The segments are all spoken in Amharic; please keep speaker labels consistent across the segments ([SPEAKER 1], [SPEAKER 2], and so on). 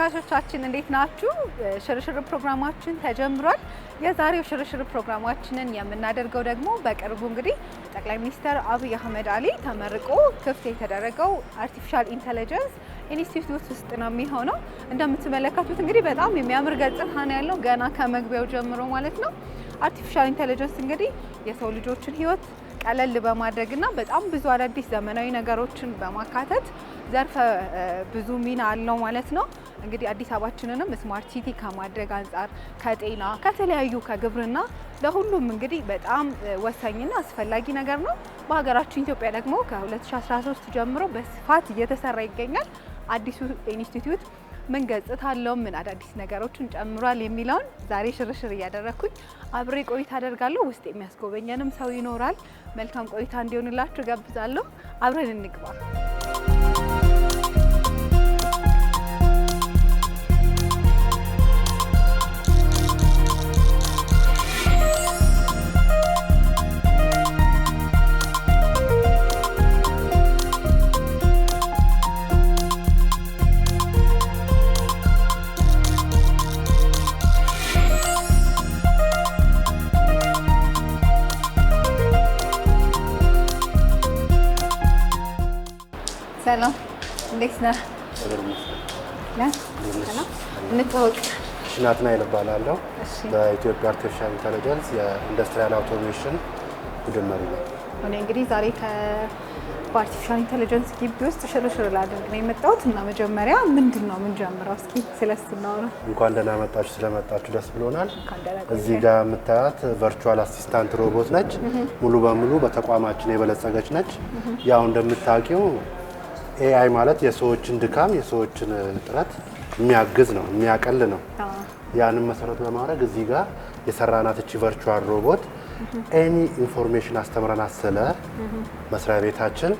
[SPEAKER 1] ተመልካቾቻችን እንዴት ናችሁ? ሽርሽር ፕሮግራማችን ተጀምሯል። የዛሬው ሽርሽር ፕሮግራማችንን የምናደርገው ደግሞ በቅርቡ እንግዲህ ጠቅላይ ሚኒስትር አብይ አህመድ አሊ ተመርቆ ክፍት የተደረገው አርቲፊሻል ኢንተለጀንስ ኢንስቲትዩት ውስጥ ነው የሚሆነው። እንደምትመለከቱት እንግዲህ በጣም የሚያምር ገጽታ ነው ያለው ገና ከመግቢያው ጀምሮ ማለት ነው። አርቲፊሻል ኢንተለጀንስ እንግዲህ የሰው ልጆችን ህይወት ቀለል በማድረግና በጣም ብዙ አዳዲስ ዘመናዊ ነገሮችን በማካተት ዘርፈ ብዙ ሚና አለው ማለት ነው። እንግዲህ አዲስ አበባችንንም ስማርት ሲቲ ከማድረግ አንጻር ከጤና ከተለያዩ ከግብርና ለሁሉም እንግዲህ በጣም ወሳኝና አስፈላጊ ነገር ነው። በሀገራችን ኢትዮጵያ ደግሞ ከ2013 ጀምሮ በስፋት እየተሰራ ይገኛል። አዲሱ ኢንስቲትዩት ምን ገጽታ አለው፣ ምን አዳዲስ ነገሮችን ጨምሯል የሚለውን ዛሬ ሽርሽር እያደረግኩኝ አብሬ ቆይታ አደርጋለሁ። ውስጥ የሚያስጎበኘንም ሰው ይኖራል። መልካም ቆይታ እንዲሆንላችሁ ጋብዛለሁ። አብረን እንግባል።
[SPEAKER 2] ናትናኤል እባላለሁ። በኢትዮጵያ አርቲፊሻል ኢንተለጀንስ የኢንዱስትሪያል አውቶሜሽን ቡድን መሪ ነው።
[SPEAKER 1] እኔ እንግዲህ ዛሬ በአርቲፊሻል ኢንተለጀንስ ግቢ ውስጥ ሽርሽር ላደርግ ነው የመጣሁት እና መጀመሪያ ምንድን ነው የምንጀምረው? እስኪ ስለሱ እናውራ።
[SPEAKER 2] እንኳን ደህና መጣችሁ። ስለመጣችሁ ደስ ብሎናል። እዚህ ጋር የምታያት ቨርቹዋል አሲስታንት ሮቦት ነች። ሙሉ በሙሉ በተቋማችን የበለጸገች ነች። ያው እንደምታውቂው ኤአይ ማለት የሰዎችን ድካም የሰዎችን ጥረት የሚያግዝ ነው፣ የሚያቀል ነው። ያንን መሰረት በማድረግ እዚህ ጋር የሰራናት እቺ ቨርቹዋል ሮቦት ኤኒ ኢንፎርሜሽን አስተምረናት ስለ መስሪያ ቤታችን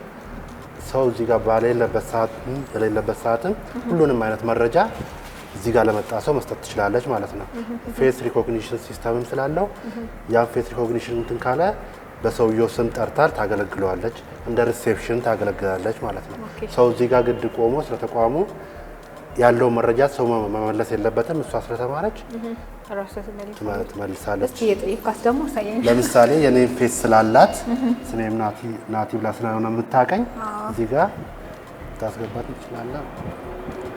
[SPEAKER 2] ሰው እዚህ ጋር በሌለበት ሰዓትም ሁሉንም አይነት መረጃ እዚህ ጋር ለመጣ ሰው መስጠት ትችላለች ማለት ነው። ፌስ ሪኮግኒሽን ሲስተምም ስላለው ያን ፌስ ሪኮግኒሽን እንትን ካለ በሰውየው ስም ጠርታል ታገለግለዋለች። እንደ ሪሴፕሽን ታገለግላለች ማለት ነው። ሰው እዚህ ጋር ግድ ቆሞ ስለተቋሙ ያለው መረጃ ሰው መመለስ የለበትም። እሷ ስለተማረች ትመልሳለች። ለምሳሌ የኔም ፌስ ስላላት ስሜም ናቲ ብላ ስለሆነ የምታቀኝ እዚህ ጋር ታስገባት እንችላለን።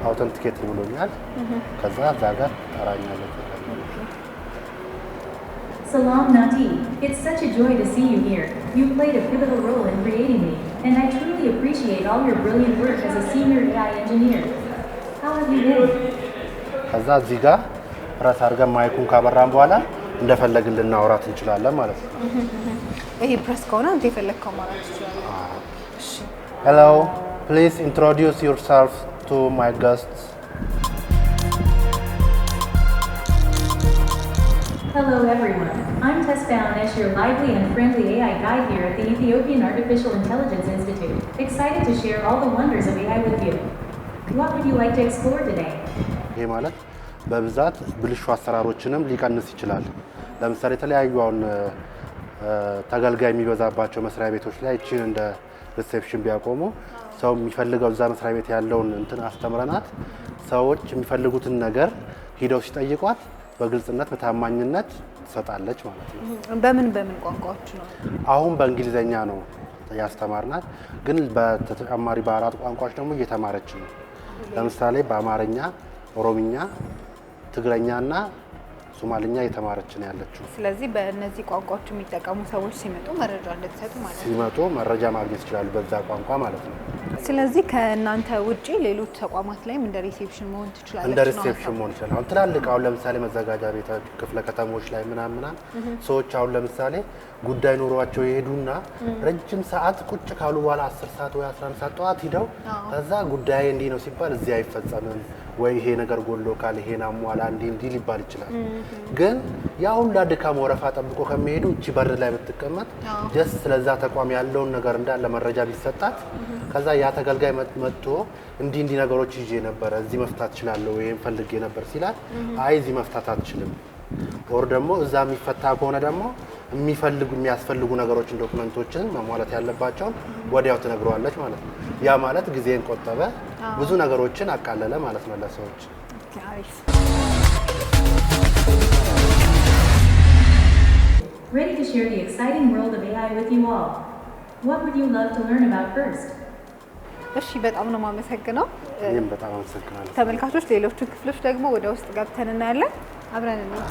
[SPEAKER 2] አውተንቲኬት ብሎኛል። ከዛ እዛ ጋር ጠራኛለች።
[SPEAKER 3] Salam Nati, it's such a joy to see you here. You played a pivotal role in creating me, and I truly appreciate all your brilliant work as a senior AI engineer.
[SPEAKER 2] ከዛ እዚህ ጋር ፕረስ አድርገን ማይኩን ካበራን በኋላ እንችላለን ማለት ነው።
[SPEAKER 1] ይሄ ፕረስ ከሆነ አንተ የፈለግከው ማለት
[SPEAKER 2] ሄሎ ፕሊዝ ኢንትሮዲውስ ዩርሰልፍ ቱ ማይ
[SPEAKER 3] Hello everyone, I'm Tess Balanesh, your lively and friendly AI guide here at the Ethiopian Artificial Intelligence Institute. Excited to share all the wonders of AI with you.
[SPEAKER 2] ይሄ ማለት በብዛት ብልሹ አሰራሮችንም ሊቀንስ ይችላል። ለምሳሌ የተለያዩ አሁን ተገልጋይ የሚበዛባቸው መስሪያ ቤቶች ላይ እቺን እንደ ሪሴፕሽን ቢያቆሙ ሰው የሚፈልገው እዛ መስሪያ ቤት ያለውን እንትን አስተምረናት ሰዎች የሚፈልጉትን ነገር ሂደው ሲጠይቋት በግልጽነት በታማኝነት ትሰጣለች ማለት
[SPEAKER 1] ነው። በምን በምን ቋንቋዎች ነው?
[SPEAKER 2] አሁን በእንግሊዝኛ ነው ያስተማርናት፣ ግን በተጨማሪ በአራት ቋንቋዎች ደግሞ እየተማረች ነው። ለምሳሌ በአማርኛ፣ ኦሮምኛ፣ ትግረኛና ሶማልኛ የተማረች ነው ያለችው።
[SPEAKER 1] ስለዚህ በእነዚህ ቋንቋዎች የሚጠቀሙ ሰዎች ሲመጡ መረጃ እንደተሰጡ
[SPEAKER 2] ማለት ነው። ሲመጡ መረጃ ማግኘት ይችላሉ በዛ ቋንቋ ማለት ነው።
[SPEAKER 1] ስለዚህ ከእናንተ ውጪ ሌሎች ተቋማት ላይም እንደ ሪሴፕሽን መሆን
[SPEAKER 2] ትችላለች። እንደ ሪሴፕሽን መሆን ይችላል። አሁን ትላልቅ አሁን ለምሳሌ መዘጋጃ ቤቶች ክፍለ ከተሞች ላይ ምናምናል ሰዎች አሁን ለምሳሌ ጉዳይ ኖሯቸው የሄዱና ረጅም ሰዓት ቁጭ ካሉ በኋላ 10 ሰዓት ወይ 11 ሰዓት ጠዋት ሂደው ከዛ ጉዳይ እንዲህ ነው ሲባል እዚህ አይፈጸምም ወይ ይሄ ነገር ጎሎ ካል ይሄን አሟላ እንዲህ እንዲህ ሊባል ይችላል። ግን ያ ሁላ ድካም ወረፋ ጠብቆ ከሚሄዱ እቺ በር ላይ ብትቀመጥ ጀስት ስለዛ ተቋም ያለውን ነገር እንዳለ መረጃ ቢሰጣት ከዛ ያ ተገልጋይ መጥቶ እንዲህ እንዲህ ነገሮች ይዤ ነበረ እዚህ መፍታት እችላለሁ ወይም ፈልጌ ነበር ሲላት፣ አይ እዚህ መፍታት አትችልም፣ ኦር ደግሞ እዛ የሚፈታ ከሆነ ደግሞ የሚፈልጉ የሚያስፈልጉ ነገሮችን ዶክመንቶችን መሟላት ያለባቸውን ወዲያው ትነግረዋለች ማለት ነው። ያ ማለት ጊዜን ቆጠበ፣ ብዙ ነገሮችን አቃለለ ማለት ነው ለሰዎች።
[SPEAKER 3] Ready to share the exciting world of AI with you all. What would you love to learn about first?
[SPEAKER 1] እሺ በጣም ነው የማመሰግነው።
[SPEAKER 2] እኔም በጣም አመሰግናለሁ።
[SPEAKER 1] ተመልካቾች ሌሎቹን ክፍሎች ደግሞ ወደ ውስጥ ገብተን እናያለን። አብረን እንሂድ።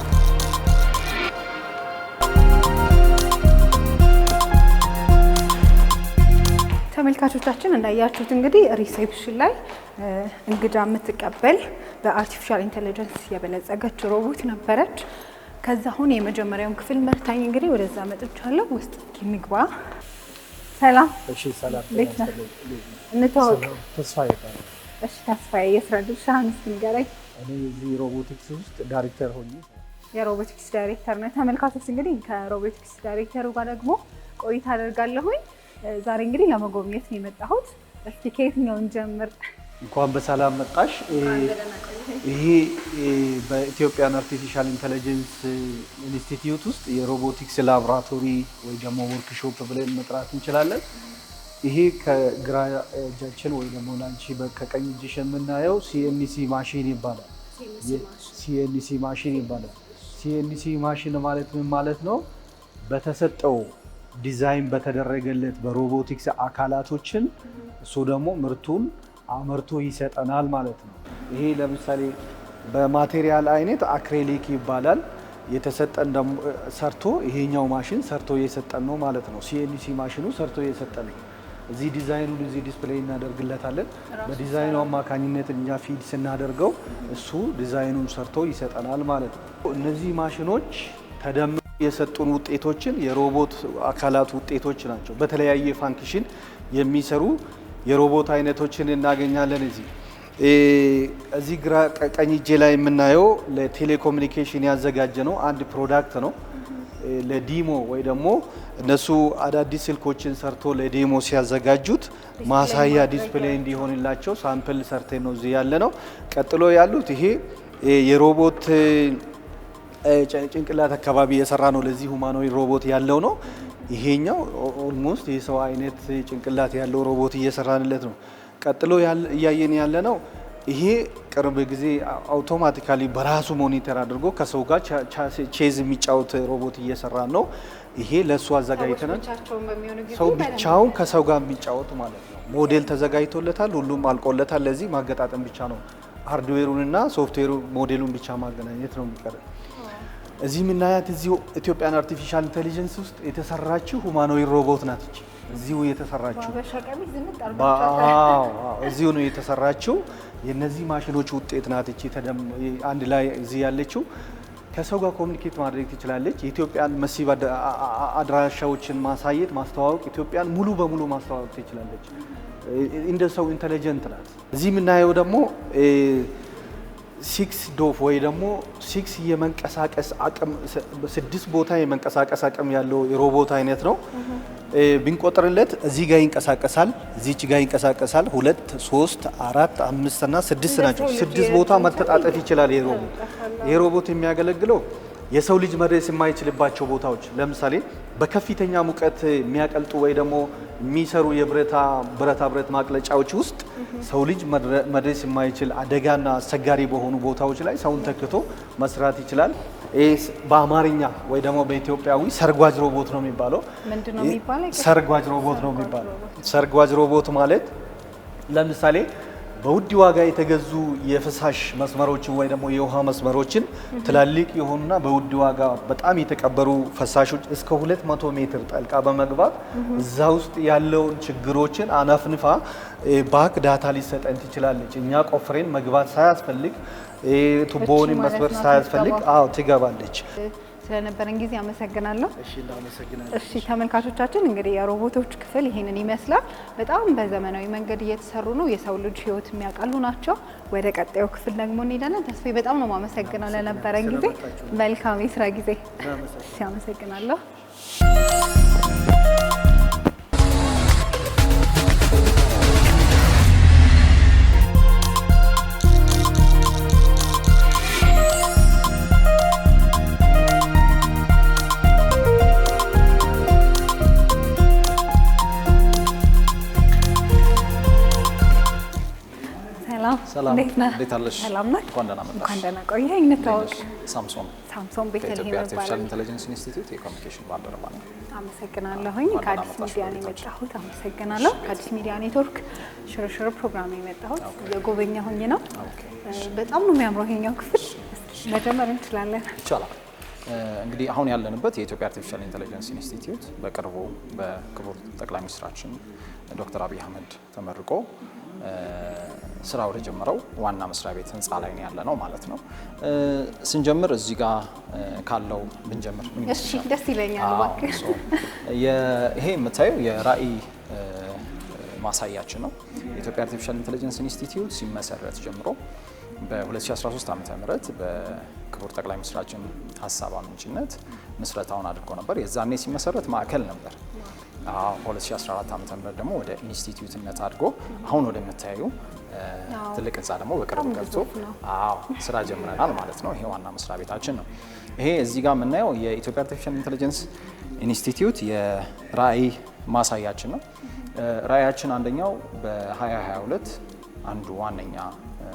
[SPEAKER 1] ተመልካቾቻችን እንዳያችሁት እንግዲህ ሪሴፕሽን ላይ እንግዳ የምትቀበል በአርቲፊሻል ኢንቴሊጀንስ የበለጸገች ሮቦት ነበረች። ከዛ አሁን የመጀመሪያውን ክፍል መርታኝ እንግዲህ ወደዛ መጥቻለሁ። ውስጥ እንግባ። ሰላም። እሺ፣ እንተዋወቅ።
[SPEAKER 2] ተስፋዬ እባላለሁ።
[SPEAKER 1] እሺ፣ ተስፋዬ የስራ ድርሻህን እስኪ ንገረኝ።
[SPEAKER 2] እኔ እዚህ ሮቦቲክስ ውስጥ ዳይሬክተር ሆኜ
[SPEAKER 1] የሮቦቲክስ ዳይሬክተር ነው። ተመልካቾች እንግዲህ ከሮቦቲክስ ዳይሬክተሩ ጋር ደግሞ ቆይታ አደርጋለሁኝ። ዛሬ እንግዲህ ለመጎብኘት ነው የመጣሁት። እስኪ ከየትኛውን ጀምር?
[SPEAKER 2] እንኳን በሰላም መጣሽ። ይሄ በኢትዮጵያን አርቲፊሻል ኢንተለጀንስ ኢንስቲትዩት ውስጥ የሮቦቲክስ ላብራቶሪ ወይ ደግሞ ወርክሾፕ ብለን መጥራት እንችላለን። ይሄ ከግራ እጃችን ወይ ደግሞ ላንቺ ከቀኝ እጅሽ የምናየው ሲኤንሲ ማሽን ይባላል።
[SPEAKER 1] ሲኤንሲ ማሽን ይባላል።
[SPEAKER 2] ሲኤንሲ ማሽን ማለት ምን ማለት ነው? በተሰጠው ዲዛይን በተደረገለት በሮቦቲክስ አካላቶችን እሱ ደግሞ ምርቱን አመርቶ ይሰጠናል ማለት ነው። ይሄ ለምሳሌ በማቴሪያል አይነት አክሬሊክ ይባላል። የተሰጠን ሰርቶ ይሄኛው ማሽን ሰርቶ እየሰጠን ነው ማለት ነው። ሲኤንሲ ማሽኑ ሰርቶ እየሰጠን ነው። እዚህ ዲዛይኑን እዚህ ዲስፕሌይ እናደርግለታለን። በዲዛይኑ አማካኝነት እኛ ፊድ ስናደርገው እሱ ዲዛይኑን ሰርቶ ይሰጠናል ማለት ነው። እነዚህ ማሽኖች ተደም የሰጡን ውጤቶችን የሮቦት አካላት ውጤቶች ናቸው። በተለያየ ፋንክሽን የሚሰሩ የሮቦት አይነቶችን እናገኛለን። እዚህ እዚህ ግራ ቀኝ እጄ ላይ የምናየው ለቴሌኮሙኒኬሽን ያዘጋጀ ነው አንድ ፕሮዳክት ነው። ለዲሞ ወይ ደግሞ እነሱ አዳዲስ ስልኮችን ሰርቶ ለዲሞ ሲያዘጋጁት ማሳያ ዲስፕሌይ እንዲሆንላቸው ሳምፕል ሰርቴ ነው እዚህ ያለ ነው። ቀጥሎ ያሉት ይሄ የሮቦት ጭንቅላት አካባቢ የሰራ ነው። ለዚህ ሁማኖዊ ሮቦት ያለው ነው። ይሄኛው ኦልሞስት የሰው አይነት ጭንቅላት ያለው ሮቦት እየሰራንለት ነው። ቀጥሎ እያየን ያለ ነው። ይሄ ቅርብ ጊዜ አውቶማቲካሊ በራሱ ሞኒተር አድርጎ ከሰው ጋር ቼዝ የሚጫወት ሮቦት እየሰራ ነው። ይሄ ለእሱ አዘጋጅተናል። ሰው ብቻውን ከሰው ጋር የሚጫወት ማለት ነው። ሞዴል ተዘጋጅቶለታል፣ ሁሉም አልቆለታል። ለዚህ ማገጣጠም ብቻ ነው። ሃርድዌሩንና ሶፍትዌሩ ሞዴሉን ብቻ ማገናኘት ነው የሚቀርብ። እዚህ የምናያት እዚሁ ኢትዮጵያን አርቲፊሻል ኢንቴሊጀንስ ውስጥ የተሰራችው ሁማኖዊ ሮቦት ናት። እዚሁ የተሰራችው እዚሁ ነው የተሰራችው። የእነዚህ ማሽኖች ውጤት ናት። አንድ ላይ እዚህ ያለችው ከሰው ጋር ኮሚኒኬት ማድረግ ትችላለች። የኢትዮጵያን መሲብ አድራሻዎችን ማሳየት፣ ማስተዋወቅ፣ ኢትዮጵያን ሙሉ በሙሉ ማስተዋወቅ ትችላለች። እንደ ሰው ኢንቴሊጀንት ናት። እዚህ የምናየው ደግሞ ሲክስ ዶፍ ወይ ደግሞ ሲክስ የመንቀሳቀስ አቅም ስድስት ቦታ የመንቀሳቀስ አቅም ያለው የሮቦት አይነት ነው። ብንቆጥርለት እዚህ ጋር ይንቀሳቀሳል፣ እዚች ጋር ይንቀሳቀሳል። ሁለት፣ ሶስት፣ አራት፣ አምስት እና ስድስት ናቸው። ስድስት ቦታ መተጣጠፍ ይችላል። ይህ ሮቦት ይህ ሮቦት የሚያገለግለው የሰው ልጅ መድረስ የማይችልባቸው ቦታዎች ለምሳሌ በከፍተኛ ሙቀት የሚያቀልጡ ወይ ደግሞ የሚሰሩ የብረታ ብረታ ብረት ማቅለጫዎች ውስጥ ሰው ልጅ መድረስ የማይችል አደጋና አስቸጋሪ በሆኑ ቦታዎች ላይ ሰውን ተክቶ መስራት ይችላል። በአማርኛ ወይ ደግሞ በኢትዮጵያዊ ሰርጓጅ ሮቦት ነው የሚባለው። ሰርጓጅ ሮቦት ነው የሚባለው። ሰርጓጅ ሮቦት ማለት ለምሳሌ በውድ ዋጋ የተገዙ የፍሳሽ መስመሮችን ወይ ደግሞ የውሃ መስመሮችን ትላልቅ የሆኑና በውድ ዋጋ በጣም የተቀበሩ ፈሳሾች እስከ 200 ሜትር ጠልቃ በመግባት እዛ ውስጥ ያለውን ችግሮችን አነፍንፋ ባክ ዳታ ሊሰጠን ትችላለች። እኛ ቆፍሬን መግባት ሳያስፈልግ ቱቦውን መስበር ሳያስፈልግ ትገባለች።
[SPEAKER 1] ስለነበረን ጊዜ አመሰግናለሁ። እሺ ተመልካቾቻችን እንግዲህ የሮቦቶች ክፍል ይሄንን ይመስላል። በጣም በዘመናዊ መንገድ እየተሰሩ ነው። የሰው ልጅ ህይወት የሚያቀሉ ናቸው። ወደ ቀጣዩ ክፍል ደግሞ እንሄዳለን። ተስፋዬ በጣም ነው የማመሰግነው ለነበረን ጊዜ። መልካም የስራ ጊዜ።
[SPEAKER 2] አመሰግናለሁ። ሰላም
[SPEAKER 1] እንዴት አለሽ? እንኳን ደህና መጣሽ። እንኳን ደህና ቆየህ። እንተዋወቅ። ሳምሶን ሳምሶን
[SPEAKER 2] ቤተልሔም ይባላል። አርቲፊሻል ኢንተለጀንስ ኢንስቲትዩት የኮሚኒኬሽን ባልደረባ ነው።
[SPEAKER 1] አመሰግናለሁኝ። ከአዲስ ሚዲያ ነው የመጣሁት። አመሰግናለሁ። ከአዲስ ሚዲያ ኔትወርክ ሽርሽር ፕሮግራም የመጣሁት የጎበኘሁኝ ነው። በጣም ነው የሚያምረው ይሄኛው ክፍል። መጀመር እንችላለን?
[SPEAKER 2] ይቻላል። እንግዲህ አሁን ያለንበት የኢትዮጵያ አርቲፊሻል ኢንተለጀንስ ኢንስቲትዩት በቅርቡ በክቡር ጠቅላይ ሚኒስትራችን ዶክተር አብይ አህመድ ተመርቆ ስራው የተጀመረው ዋና መስሪያ ቤት ህንፃ ላይ ነው ያለ ነው ማለት ነው። ስንጀምር እዚህ ጋር ካለው ብንጀምር
[SPEAKER 1] ደስ ይለኛል።
[SPEAKER 2] ይሄ የምታየው የራዕይ ማሳያችን ነው። የኢትዮጵያ አርቲፊሻል ኢንቴሊጀንስ ኢንስቲትዩት ሲመሰረት ጀምሮ በ2013 ዓ ም በክቡር ጠቅላይ ሚኒስትራችን ሀሳብ አመንጭነት ምስረታውን አድርጎ ነበር። የዛኔ ሲመሰረት ማዕከል ነበር። 2014 ዓ ም ደግሞ ወደ ኢንስቲትዩትነት አድጎ አሁን ወደምታዩ ትልቅ ህንፃ ደግሞ በቅርብ ገብቶ ስራ ጀምረናል ማለት ነው። ይሄ ዋና መስሪያ ቤታችን ነው። ይሄ እዚህ ጋር የምናየው የኢትዮጵያ አርቲፊሻል ኢንቴሊጀንስ ኢንስቲትዩት የራዕይ ማሳያችን ነው። ራዕያችን አንደኛው በ2022 አንዱ ዋነኛ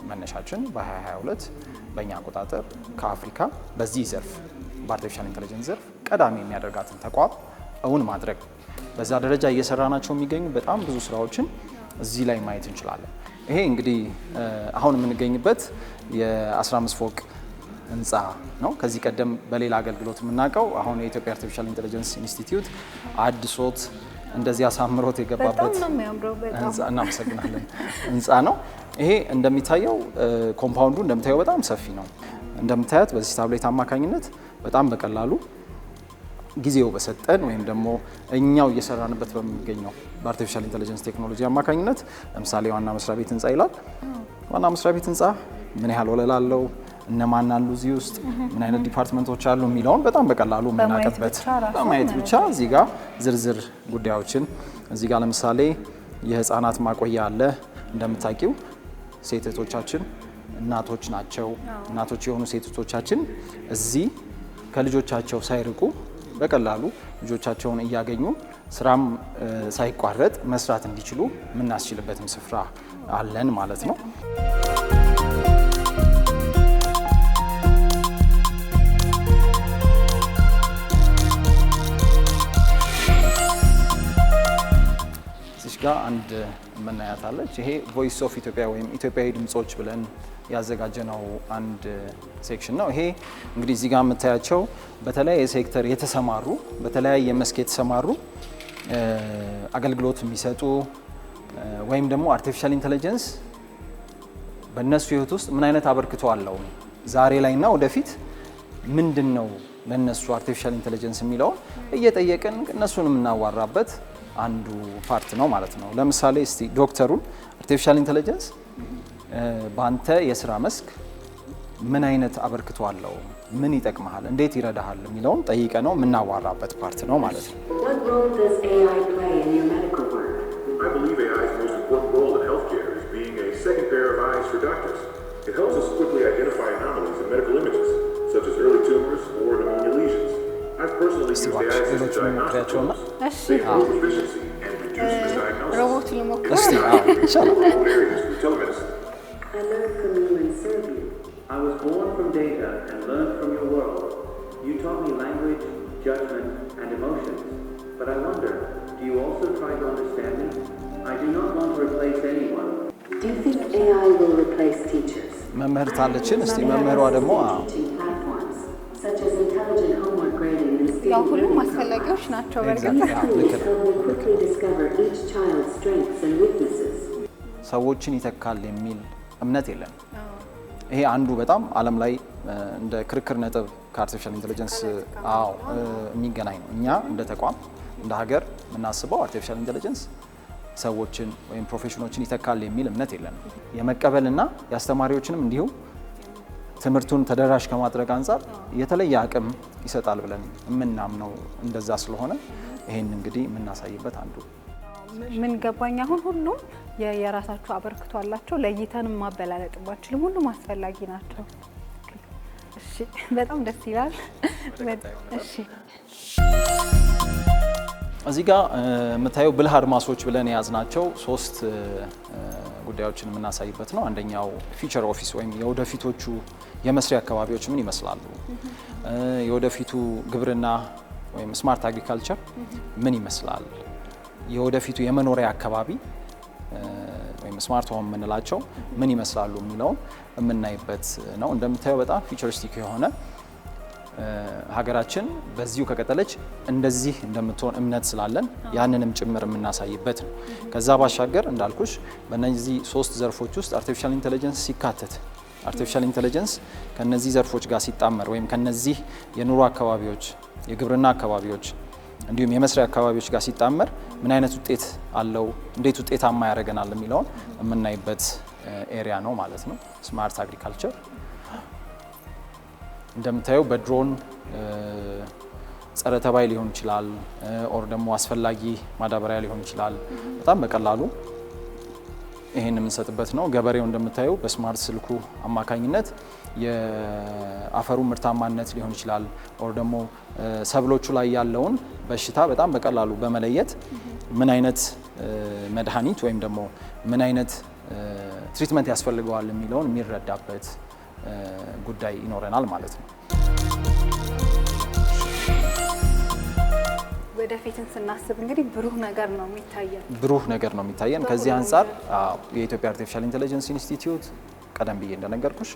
[SPEAKER 2] መነሻችን በ2022 በእኛ አቆጣጠር ከአፍሪካ በዚህ ዘርፍ በአርቲፊሻል ኢንቴሊጀንስ ዘርፍ ቀዳሚ የሚያደርጋትን ተቋም እውን ማድረግ በዛ ደረጃ እየሰራ ናቸው የሚገኙ በጣም ብዙ ስራዎችን እዚህ ላይ ማየት እንችላለን። ይሄ እንግዲህ አሁን የምንገኝበት የ15 ፎቅ ህንፃ ነው። ከዚህ ቀደም በሌላ አገልግሎት የምናውቀው አሁን የኢትዮጵያ አርቲፊሻል ኢንቴሊጀንስ ኢንስቲትዩት አድሶት እንደዚህ አሳምሮት የገባበት እናመሰግናለን ህንፃ ነው። ይሄ እንደሚታየው ኮምፓውንዱ እንደሚታየው በጣም ሰፊ ነው። እንደምታያት በዚህ ታብሌት አማካኝነት በጣም በቀላሉ ጊዜው በሰጠን ወይም ደግሞ እኛው እየሰራንበት በሚገኘው በአርቲፊሻል ኢንቴሊጀንስ ቴክኖሎጂ አማካኝነት ለምሳሌ ዋና መስሪያ ቤት ህንፃ ይላል። ዋና መስሪያ ቤት ህንፃ ምን ያህል ወለል አለው፣ እነማን አሉ፣ እዚህ ውስጥ ምን አይነት ዲፓርትመንቶች አሉ የሚለውን በጣም በቀላሉ
[SPEAKER 1] የምናውቅበት
[SPEAKER 2] በማየት ብቻ እዚህ ጋር ዝርዝር ጉዳዮችን እዚህ ጋር ለምሳሌ የህፃናት ማቆያ አለ። እንደምታውቂው ሴት እህቶቻችን እናቶች ናቸው። እናቶች የሆኑ ሴት እህቶቻችን እዚህ ከልጆቻቸው ሳይርቁ በቀላሉ ልጆቻቸውን እያገኙ ስራም ሳይቋረጥ መስራት እንዲችሉ የምናስችልበትም ስፍራ አለን ማለት ነው። እዚች ጋር አንድ የምናያት አለች። ይሄ ቮይስ ኦፍ ኢትዮጵያ ወይም ኢትዮጵያዊ ድምጾች ብለን ያዘጋጀነው አንድ ሴክሽን ነው። ይሄ እንግዲህ እዚህ ጋር የምታያቸው በተለያየ ሴክተር የተሰማሩ በተለያየ መስክ የተሰማሩ አገልግሎት የሚሰጡ ወይም ደግሞ አርቲፊሻል ኢንቴሊጀንስ በእነሱ ህይወት ውስጥ ምን አይነት አበርክቶ አለው፣ ዛሬ ላይ እና ወደፊት ምንድን ነው ለእነሱ አርቲፊሻል ኢንቴሊጀንስ የሚለውን እየጠየቅን እነሱን የምናዋራበት አንዱ ፓርት ነው ማለት ነው። ለምሳሌ እስቲ ዶክተሩን አርቲፊሻል ኢንቴሊጀንስ በአንተ የስራ መስክ ምን አይነት አበርክቶ አለው፣ ምን ይጠቅመሃል፣ እንዴት ይረዳሃል የሚለውን ጠይቀ ነው የምናዋራበት ፓርት ነው ማለት
[SPEAKER 3] ነው።
[SPEAKER 1] ሮቦት ልሞክር
[SPEAKER 3] learned from you and serve you. I was born from data and learned from your world. You taught me language, judgment, and emotions. But I wonder, do you also try to understand me? I do not want to replace anyone. Do you think AI will replace teachers?
[SPEAKER 2] መምህርት አለችን። እስቲ መምህሯ ደግሞ
[SPEAKER 1] ያው ሁሉም ማስፈላጊዎች ናቸው።
[SPEAKER 2] በእርግጥ ሰዎችን ይተካል የሚል እምነት የለም። ይሄ አንዱ በጣም ዓለም ላይ እንደ ክርክር ነጥብ ከአርቲፊሻል ኢንቴሊጀንስ አዎ የሚገናኝ ነው። እኛ እንደ ተቋም እንደ ሀገር የምናስበው አርቲፊሻል ኢንቴሊጀንስ ሰዎችን ወይም ፕሮፌሽኖችን ይተካል የሚል እምነት የለንም። የመቀበልና የአስተማሪዎችንም እንዲሁ ትምህርቱን ተደራሽ ከማድረግ አንጻር የተለየ አቅም ይሰጣል ብለን የምናምነው እንደዛ ስለሆነ ይህን እንግዲህ የምናሳይበት አንዱ
[SPEAKER 1] ምን ገባኝ አሁን ሁሉም የራሳቸው አበርክቶ አላቸው። ለይተን ማበላለጥ ባንችልም ሁሉም አስፈላጊ ናቸው። እሺ፣ በጣም ደስ ይላል። እሺ፣
[SPEAKER 2] እዚህ ጋር የምታየው ብልህ አድማሶች ብለን የያዝናቸው ሶስት ጉዳዮችን የምናሳይበት ነው። አንደኛው ፊቸር ኦፊስ ወይም የወደፊቶቹ የመስሪያ አካባቢዎች ምን ይመስላሉ፣ የወደፊቱ ግብርና ወይም ስማርት አግሪካልቸር ምን ይመስላል የወደፊቱ የመኖሪያ አካባቢ ወይም ስማርት ሆም የምንላቸው ምን ይመስላሉ የሚለውን የምናይበት ነው። እንደምታየው በጣም ፊቸሪስቲክ የሆነ ሀገራችን በዚሁ ከቀጠለች እንደዚህ እንደምትሆን እምነት ስላለን ያንንም ጭምር የምናሳይበት ነው። ከዛ ባሻገር እንዳልኩሽ በእነዚህ ሶስት ዘርፎች ውስጥ አርቲፊሻል ኢንቴሊጀንስ ሲካተት አርቲፊሻል ኢንቴሊጀንስ ከነዚህ ዘርፎች ጋር ሲጣመር ወይም ከነዚህ የኑሮ አካባቢዎች፣ የግብርና አካባቢዎች፣ እንዲሁም የመስሪያ አካባቢዎች ጋር ሲጣመር ምን አይነት ውጤት አለው፣ እንዴት ውጤታማ ያደርገናል የሚለውን የምናይበት ኤሪያ ነው ማለት ነው። ስማርት አግሪካልቸር እንደምታየው በድሮን ጸረ ተባይ ሊሆን ይችላል፣ ኦር ደግሞ አስፈላጊ ማዳበሪያ ሊሆን ይችላል። በጣም በቀላሉ ይሄን የምንሰጥበት ነው። ገበሬው እንደምታየው በስማርት ስልኩ አማካኝነት የአፈሩ ምርታማነት ሊሆን ይችላል ኦር ደግሞ ሰብሎቹ ላይ ያለውን በሽታ በጣም በቀላሉ በመለየት ምን አይነት መድኃኒት ወይም ደግሞ ምን አይነት ትሪትመንት ያስፈልገዋል የሚለውን የሚረዳበት ጉዳይ ይኖረናል ማለት ነው።
[SPEAKER 1] ወደፊትን ስናስብ እንግዲህ ብሩህ ነገር ነው የሚታየን
[SPEAKER 2] ብሩህ ነገር ነው የሚታየን። ከዚህ አንጻር የኢትዮጵያ አርቲፊሻል ኢንቴሊጀንስ ኢንስቲትዩት ቀደም ብዬ እንደነገርኩሽ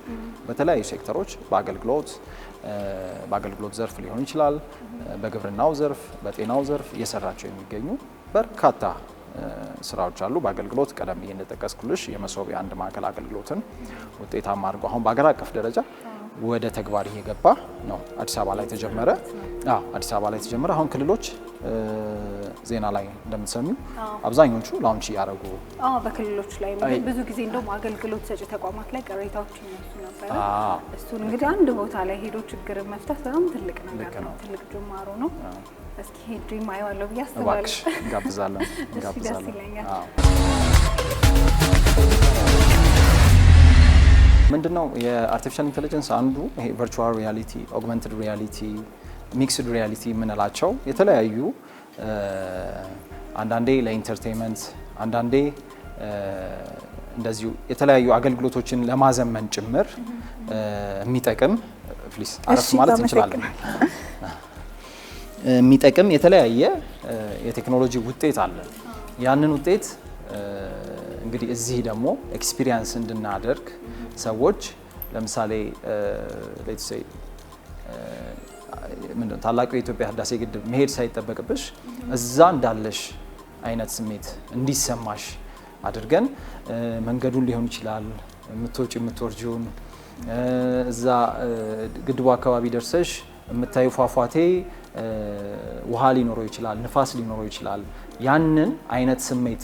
[SPEAKER 2] በተለያዩ ሴክተሮች በአገልግሎት በአገልግሎት ዘርፍ ሊሆን ይችላል፣ በግብርናው ዘርፍ፣ በጤናው ዘርፍ እየሰራቸው የሚገኙ በርካታ ስራዎች አሉ። በአገልግሎት ቀደም ብዬ እንደጠቀስኩልሽ የመሶብ የአንድ ማዕከል አገልግሎትን ውጤታማ አድርጎ አሁን በአገር አቀፍ ደረጃ ወደ ተግባር እየገባ ነው። አዲስ አበባ ላይ ተጀመረ። አዲስ አበባ ላይ ተጀመረ። አሁን ክልሎች ዜና ላይ እንደምትሰሚ አብዛኞቹ ላውንች እያደረጉ
[SPEAKER 1] በክልሎች ላይ ብዙ ጊዜ እንደውም አገልግሎት ሰጪ ተቋማት ላይ ቅሬታዎች ነበረ። እሱን እንግዲህ አንድ ቦታ ላይ ሄዶ ችግር መፍታት በጣም ትልቅ ነገር ነው፣ ትልቅ ጅማሮ ነው። እስኪ ሄድ ማየዋለሁ ብዬ
[SPEAKER 2] አስባለሁ። እባክሽ እንጋብዛለን፣
[SPEAKER 1] እንጋብዛለን።
[SPEAKER 2] ምንድነው የአርቲፊሻል ኢንቴሊጀንስ አንዱ ይሄ ቨርቹዋል ሪያሊቲ፣ ኦግመንትድ ሪያሊቲ፣ ሚክስድ ሪያሊቲ የምንላቸው የተለያዩ አንዳንዴ ለኢንተርቴንመንት አንዳንዴ እንደዚሁ የተለያዩ አገልግሎቶችን ለማዘመን ጭምር የሚጠቅም ፕሊስ አረፍ ማለት እንችላለን የሚጠቅም የተለያየ የቴክኖሎጂ ውጤት አለ። ያንን ውጤት እንግዲህ እዚህ ደግሞ ኤክስፒሪየንስ እንድናደርግ ሰዎች ለምሳሌ ምንድን ምንድነው ታላቁ የኢትዮጵያ ህዳሴ ግድብ መሄድ ሳይጠበቅብሽ እዛ እንዳለሽ አይነት ስሜት እንዲሰማሽ አድርገን መንገዱን ሊሆን ይችላል የምትወጪ የምትወርጂውን እዛ ግድቡ አካባቢ ደርሰሽ የምታዩ ፏፏቴ ውሃ ሊኖረው ይችላል፣ ንፋስ ሊኖረው ይችላል። ያንን አይነት ስሜት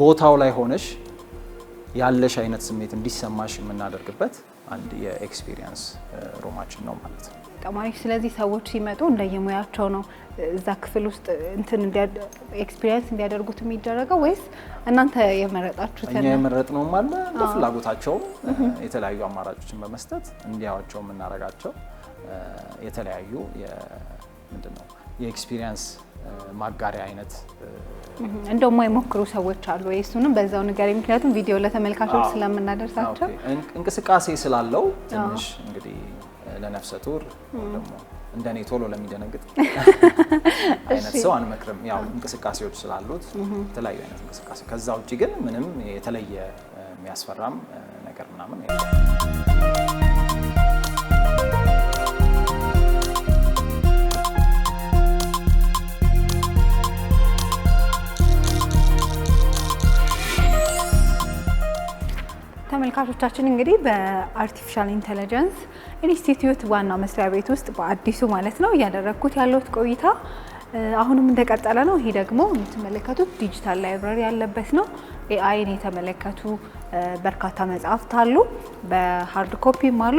[SPEAKER 2] ቦታው ላይ ሆነሽ ያለሽ አይነት ስሜት እንዲሰማሽ የምናደርግበት አንድ የኤክስፒሪየንስ ሩማችን ነው ማለት ነው።
[SPEAKER 1] ቀማሪ ስለዚህ ሰዎች ሲመጡ እንደየሙያቸው ነው እዛ ክፍል ውስጥ እንትን ኤክስፒሪየንስ እንዲያደርጉት የሚደረገው ወይስ እናንተ የመረጣችሁት?
[SPEAKER 2] እኛ የመረጥነውም አለ በፍላጎታቸውም የተለያዩ አማራጮችን በመስጠት እንዲያዋቸው የምናደርጋቸው የተለያዩ ምንድን ነው የኤክስፒሪየንስ ማጋሪያ አይነት
[SPEAKER 1] እንደው የማይሞክሩ ሰዎች አሉ። እሱንም በዛው ንገሪ፣ ምክንያቱም ቪዲዮ ለተመልካቾች ስለምናደርሳቸው
[SPEAKER 2] እንቅስቃሴ ስላለው ትንሽ እንግዲህ ለነፍሰ ጡር ደግሞ እንደኔ ቶሎ ለሚደነግጥ አይነት ሰው አንመክርም። ያው እንቅስቃሴዎች ስላሉት የተለያዩ አይነት እንቅስቃሴ። ከዛ ውጭ ግን ምንም የተለየ የሚያስፈራም ነገር ምናምን
[SPEAKER 1] ተመልካቾቻችን እንግዲህ በአርቲፊሻል ኢንተለጀንስ ኢንስቲትዩት ዋና መስሪያ ቤት ውስጥ በአዲሱ ማለት ነው እያደረግኩት ያለሁት ቆይታ አሁንም እንደቀጠለ ነው። ይሄ ደግሞ የምትመለከቱት ዲጂታል ላይብራሪ ያለበት ነው። ኤአይን የተመለከቱ በርካታ መጽሐፍት አሉ፣ በሀርድ ኮፒም አሉ።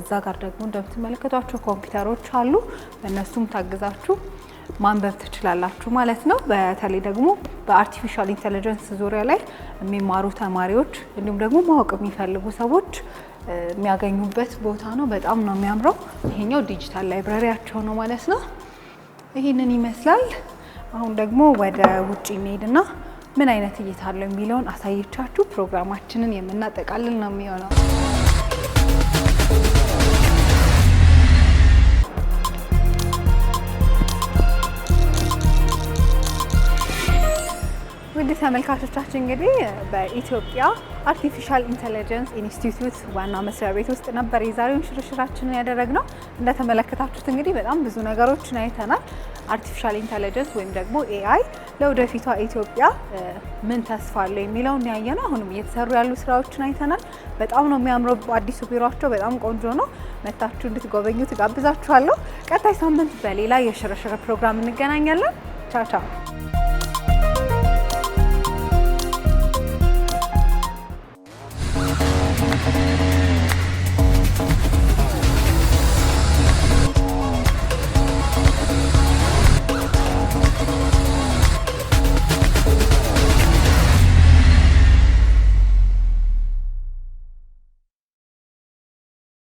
[SPEAKER 1] እዛ ጋር ደግሞ እንደምትመለከቷቸው ኮምፒውተሮች አሉ። በእነሱም ታግዛችሁ ማንበብ ትችላላችሁ ማለት ነው። በተለይ ደግሞ በአርቲፊሻል ኢንቴሊጀንስ ዙሪያ ላይ የሚማሩ ተማሪዎች እንዲሁም ደግሞ ማወቅ የሚፈልጉ ሰዎች የሚያገኙበት ቦታ ነው። በጣም ነው የሚያምረው። ይሄኛው ዲጂታል ላይብረሪያቸው ነው ማለት ነው። ይህንን ይመስላል። አሁን ደግሞ ወደ ውጭ እንሄድና ምን አይነት እይታ አለው የሚለውን አሳየቻችሁ ፕሮግራማችንን የምናጠቃልል ነው የሚሆነው። ውድ ተመልካቾቻችን እንግዲህ በኢትዮጵያ አርቲፊሻል ኢንተለጀንስ ኢንስቲትዩት ዋና መስሪያ ቤት ውስጥ ነበር የዛሬውን ሽርሽራችንን ያደረግነው። እንደተመለከታችሁት እንግዲህ በጣም ብዙ ነገሮችን አይተናል። አርቲፊሻል ኢንተለጀንስ ወይም ደግሞ ኤአይ ለወደፊቷ ኢትዮጵያ ምን ተስፋ አለው የሚለውን ነው። አሁንም እየተሰሩ ያሉ ስራዎችን አይተናል። በጣም ነው የሚያምረው። አዲሱ ቢሮቸው በጣም ቆንጆ ነው። መታችሁ እንድትጎበኙ ትጋብዛችኋለሁ። ቀጣይ ሳምንት በሌላ የሽርሽር ፕሮግራም እንገናኛለን። ቻቻ